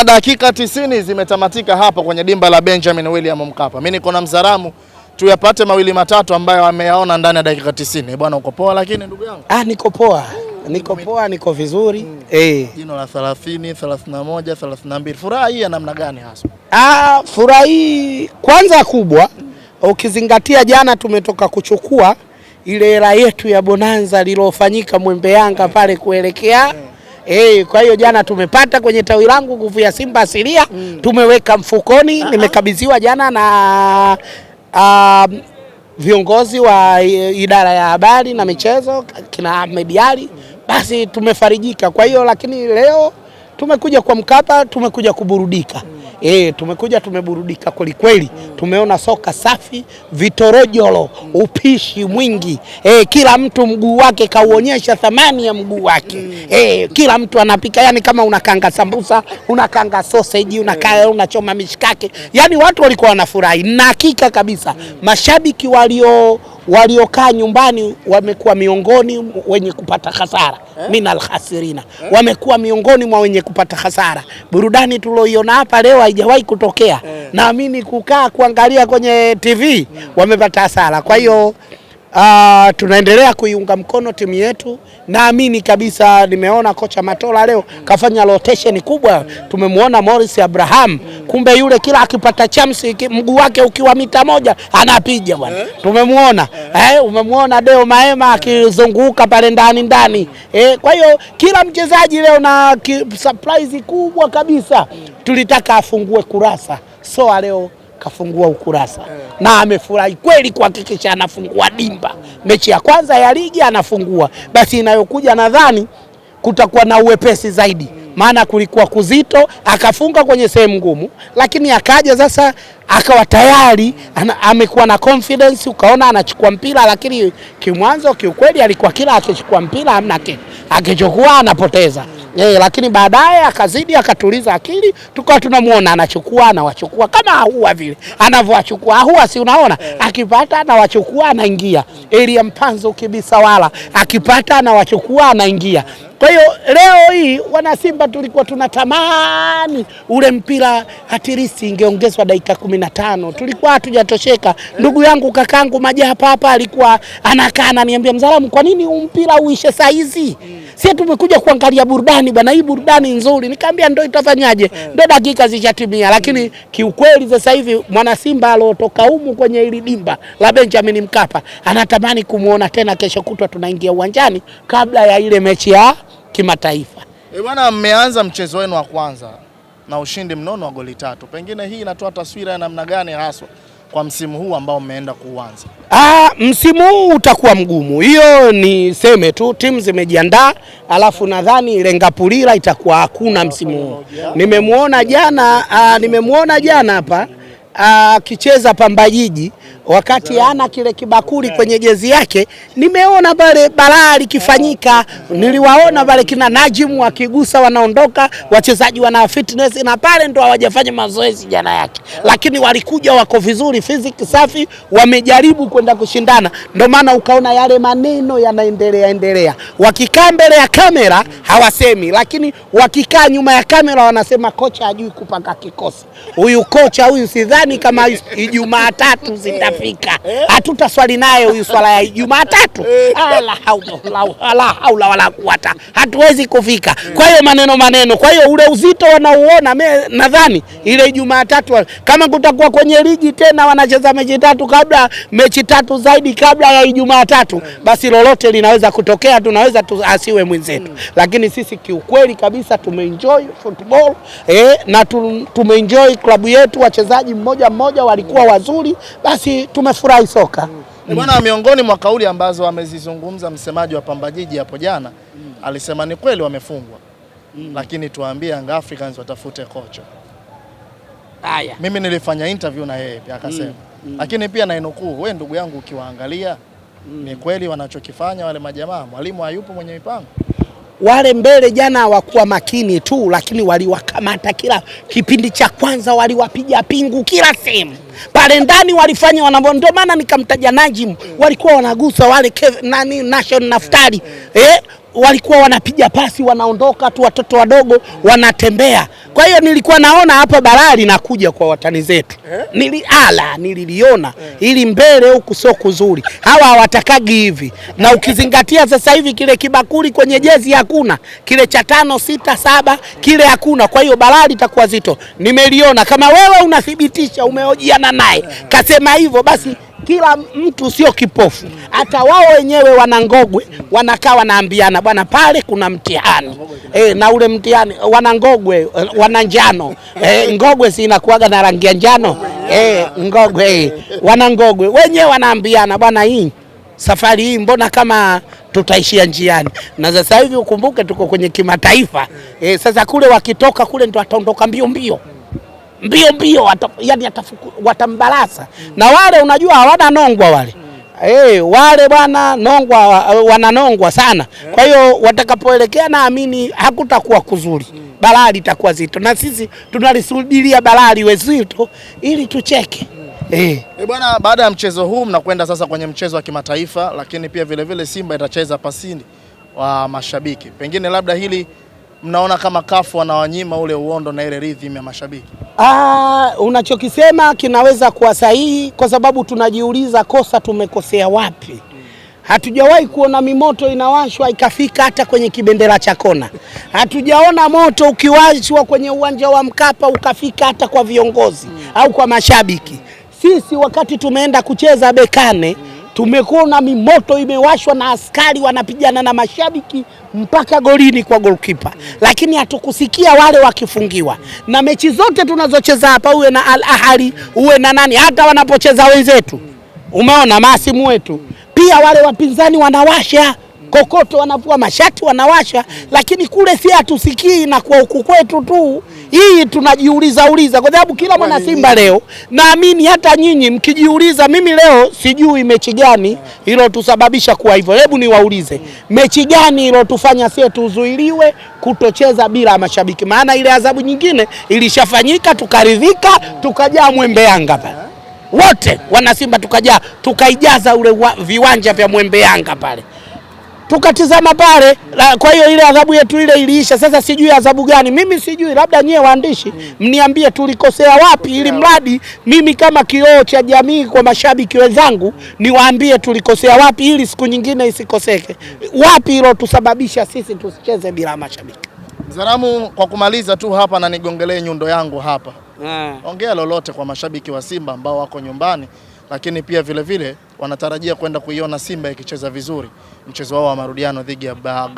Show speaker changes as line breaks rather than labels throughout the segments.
na dakika tisini zimetamatika hapa kwenye dimba la Benjamin William Mkapa. Mimi niko na Mzaramu tuyapate mawili matatu ambayo ameyaona ndani ya dakika tisini. Bwana uko poa lakini ndugu yangu?
Ah, niko poa. Niko poa, niko vizuri. Hmm. Eh.
Jino la 30, 31, 32. Furaha hii ya namna gani hasa?
Ah, furaha hii kwanza kubwa Ukizingatia jana tumetoka kuchukua ile hela yetu ya bonanza lilofanyika Mwembe Yanga pale kuelekea mm. Eh, kwa hiyo jana tumepata kwenye tawi langu nguvu ya Simba asilia mm. tumeweka mfukoni uh ah, -huh. Ah. nimekabidhiwa jana na uh, viongozi wa idara ya habari na michezo kina Ahmed Ali, basi tumefarijika. Kwa hiyo lakini leo tumekuja kwa Mkapa, tumekuja kuburudika mm. E, tumekuja tumeburudika kwelikweli, tumeona soka safi, vitorojolo, upishi mwingi e, kila mtu mguu wake kauonyesha thamani ya mguu wake e, kila mtu anapika, yani kama unakanga sambusa, unakanga sausage, unakaa, unachoma mishikake yani watu walikuwa wanafurahi na hakika kabisa mashabiki walio waliokaa nyumbani wamekuwa miongoni wenye kupata hasara eh? min khasirina eh? Wamekuwa miongoni mwa wenye kupata hasara. Burudani tulioiona hapa leo haijawahi kutokea eh. Naamini kukaa kuangalia kwenye TV hmm. Wamepata hasara, kwa hiyo Uh, tunaendelea kuiunga mkono timu yetu. Naamini kabisa, nimeona kocha Matola leo kafanya rotation kubwa. Tumemwona Morris Abraham, kumbe yule kila akipata chance mguu wake ukiwa mita moja anapiga bwana. Eh? Tumemwona eh. eh, umemwona Deo Maema akizunguka pale ndani ndani eh. Kwa hiyo kila mchezaji leo na surprise kubwa kabisa, tulitaka afungue kurasa soa leo kafungua ukurasa na amefurahi kweli kuhakikisha anafungua dimba. Mechi ya kwanza ya ligi anafungua, basi inayokuja nadhani kutakuwa na uwepesi zaidi maana kulikuwa kuzito, akafunga kwenye sehemu ngumu, lakini akaja sasa akawa tayari amekuwa na confidence, ukaona anachukua mpira, lakini kimwanzo kiukweli alikuwa kila akichukua mpira hamna kitu, akichukua anapoteza. Yeah, lakini baadaye akazidi akatuliza akili, tukawa tunamuona anachukua anawachukua kama ahua vile anavyowachukua ahua, si unaona eh. akipata anawachukua anaingia. Elia Mpanzu kibisa wala akipata anawachukua anaingia kwa hiyo leo hii wanasimba tulikuwa tunatamani ule mpira hatirisi ingeongezwa dakika kumi na tano, tulikuwa hatujatosheka. Ndugu yangu kakangu Maja hapa hapa alikuwa anakaa ananiambia, mzalamu kwa nini mpira uishe saizi? Sisi tumekuja kuangalia burudani bwana, hii burudani nzuri. Nikamwambia ndo itafanyaje, eh. ndo dakika zishatimia. Lakini mm. kiukweli sasa hivi mwana Simba alotoka humu kwenye hili dimba la Benjamin Mkapa anatamani kumwona tena kesho kutwa tunaingia uwanjani kabla ya ile mechi ya kimataifa.
Eh, bwana, mmeanza mchezo wenu wa kwanza na ushindi mnono wa goli tatu, pengine hii inatoa taswira ya namna gani haswa kwa msimu huu ambao umeenda kuanza?
Ah, msimu huu utakuwa mgumu, hiyo ni seme tu, timu zimejiandaa. Alafu nadhani Lengapulila itakuwa hakuna msimu huu. Nimemwona jana, ah, nimemwona jana hapa ah, akicheza Pamba Jiji wakati ana kile kibakuli kwenye jezi yake. Nimeona pale balaa likifanyika, niliwaona pale kina Najimu wakigusa wanaondoka, wachezaji wana fitness, na pale ndo hawajafanya mazoezi jana yake, lakini walikuja wako vizuri, fiziki safi, wamejaribu kwenda kushindana, ndo maana ukaona yale maneno yanaendelea endelea. Wakikaa mbele ya kamera hawasemi, lakini wakikaa nyuma ya kamera wanasema kocha hajui kupanga kikosi. Huyu kocha huyu sidhani kama Ijumaa tatu zitafika amefika, hatuta swali naye huyu swala ya Jumatatu, eh. ala ah, haula wala kuwata, hatuwezi kufika. Eh. Kwa hiyo maneno maneno, kwa hiyo ule uzito wanauona, mimi nadhani ile Jumatatu kama kutakuwa kwenye ligi tena wanacheza mechi tatu kabla mechi tatu zaidi kabla ya Jumatatu, eh. basi lolote linaweza kutokea, tunaweza tu asiwe mwenzetu, mm. lakini sisi kiukweli kabisa tumeenjoy football eh, na tumeenjoy klabu yetu, wachezaji mmoja mmoja walikuwa wazuri, basi tumefurahi soka
eh, bwana. Mm. Miongoni mwa kauli ambazo amezizungumza msemaji wa Pamba Jiji hapo jana mm. alisema ni kweli wamefungwa mm. lakini tuwaambie Young Africans watafute kocha. Haya, mimi nilifanya interview na yeye pia akasema mm. mm. lakini pia nainukuu, we ndugu yangu ukiwaangalia mm. ni kweli wanachokifanya wale majamaa, mwalimu hayupo mwenye mipango
wale mbele jana hawakuwa makini tu, lakini waliwakamata kila kipindi cha kwanza, waliwapiga pingu kila sehemu pale ndani walifanya wanavyo. Ndio maana nikamtaja Najim, walikuwa wanagusa wale nani Nation Naftali eh walikuwa wanapiga pasi wanaondoka tu, watoto wadogo wanatembea. Kwa hiyo nilikuwa naona hapa balaa linakuja kwa watani zetu eh? ala nililiona ili Mbele huku sio kuzuri, hawa hawatakagi hivi, na ukizingatia sasa hivi kile kibakuli kwenye jezi hakuna, kile cha tano sita saba kile hakuna. Kwa hiyo balaa litakuwa zito, nimeliona. Kama wewe unathibitisha umehojiana naye eh. kasema hivyo, basi kila mtu sio kipofu, hata wao wenyewe wana Ngogwe wanakaa wanaambiana, bwana pale kuna mtihani e, na ule mtihani wana Ngogwe wana njano e, Ngogwe si inakuaga na rangi ya njano e, Ngogwe e, wana Ngogwe wenyewe wanaambiana, bwana hii safari hii mbona kama tutaishia njiani. Na sasa hivi ukumbuke tuko kwenye kimataifa e, sasa kule wakitoka kule ndo ataondoka mbio mbio mbio mbio watap, yani atafuku, watambalasa mm. na wale unajua hawana nongwa wale mm. Eh, hey, wale bwana nongwa wananongwa sana yeah. Kwa hiyo watakapoelekea naamini hakutakuwa kuzuri mm. Balaa litakuwa zito na sisi tunalisubiria balaa liwe zito ili tucheke mm. Eh,
bwana, baada ya mchezo huu mnakwenda sasa kwenye mchezo wa kimataifa, lakini pia vilevile vile Simba itacheza pasini wa mashabiki, pengine labda hili mnaona kama kafu wanawanyima ule uondo na ile rhythm ya mashabiki
Ah, unachokisema kinaweza kuwa sahihi kwa sababu tunajiuliza kosa tumekosea wapi? Hatujawahi kuona mimoto inawashwa ikafika hata kwenye kibendera cha kona. Hatujaona moto ukiwashwa kwenye uwanja wa Mkapa ukafika hata kwa viongozi mm. au kwa mashabiki. Sisi wakati tumeenda kucheza Bekane mm. Tumekuona mimoto imewashwa na askari wanapigana na mashabiki mpaka golini kwa golkipa, lakini hatukusikia wale wakifungiwa. Na mechi zote tunazocheza hapa, uwe na Al Ahly uwe na nani, hata wanapocheza wenzetu, umeona maasimu wetu, pia wale wapinzani wanawasha kokoto wanavua mashati wanawasha, lakini kule si hatusikii, na kwa huku kwetu tu hii tunajiuliza uliza, kwa sababu kila mwana Simba leo, naamini hata nyinyi mkijiuliza, mimi leo sijui mechi gani ilotusababisha kuwa hivyo. Hebu niwaulize, mechi gani ilotufanya sie tuzuiliwe kutocheza bila mashabiki? Maana ile adhabu nyingine ilishafanyika, tukaridhika, tukajaa mwembe Yanga pale wote wana Simba tukajaa tukaijaza ule viwanja vya Mwembe Yanga pale tukatizama pale. Kwa hiyo ile adhabu yetu ile iliisha. Sasa sijui adhabu gani, mimi sijui, labda nyie waandishi mniambie tulikosea wapi, ili mradi mimi kama kioo cha jamii kwa mashabiki wenzangu niwaambie tulikosea wapi, ili siku nyingine isikoseke. Wapi ilo tusababisha sisi tusicheze bila mashabiki.
Mzaramo, kwa kumaliza tu hapa na nigongelee nyundo yangu hapa, eh. ongea lolote kwa mashabiki wa Simba ambao wako nyumbani, lakini pia vilevile vile, wanatarajia kwenda kuiona Simba ikicheza vizuri mchezo wao wa marudiano dhidi ya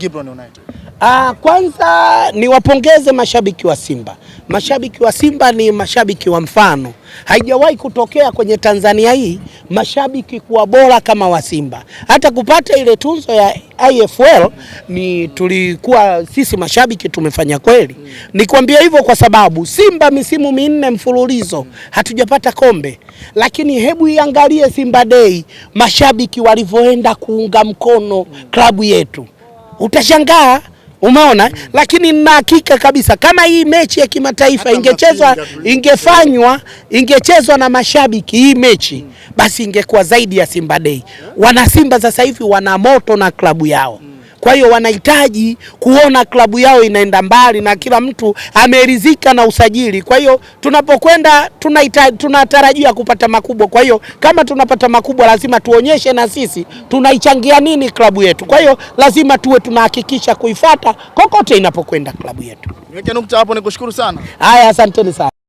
Gibron United.
Uh, kwanza niwapongeze mashabiki wa Simba. Mashabiki wa Simba ni mashabiki wa mfano. Haijawahi kutokea kwenye Tanzania hii mashabiki kuwa bora kama wa Simba. Hata kupata ile tunzo ya IFL ni tulikuwa sisi mashabiki tumefanya kweli. Nikwambia hivyo kwa sababu Simba misimu minne mfululizo hatujapata kombe, lakini hebu iangalie Simba Day mashabiki walivyoenda kuunga mkono klabu yetu, utashangaa Umeona, lakini nina hakika kabisa kama hii mechi ya kimataifa ingechezwa ingefanywa ingechezwa na mashabiki hii mechi, basi ingekuwa zaidi ya Simba Day. Wana Simba sasa hivi wana moto na klabu yao. Kwa hiyo wanahitaji kuona klabu yao inaenda mbali na kila mtu ameridhika na usajili. Kwa hiyo tunapokwenda tunatarajia kupata makubwa. Kwa hiyo kama tunapata makubwa, lazima tuonyeshe na sisi tunaichangia nini klabu yetu. Kwa hiyo lazima tuwe tunahakikisha kuifata kokote inapokwenda klabu yetu.
Niweke nukta hapo, nikushukuru sana.
Haya, asanteni sana.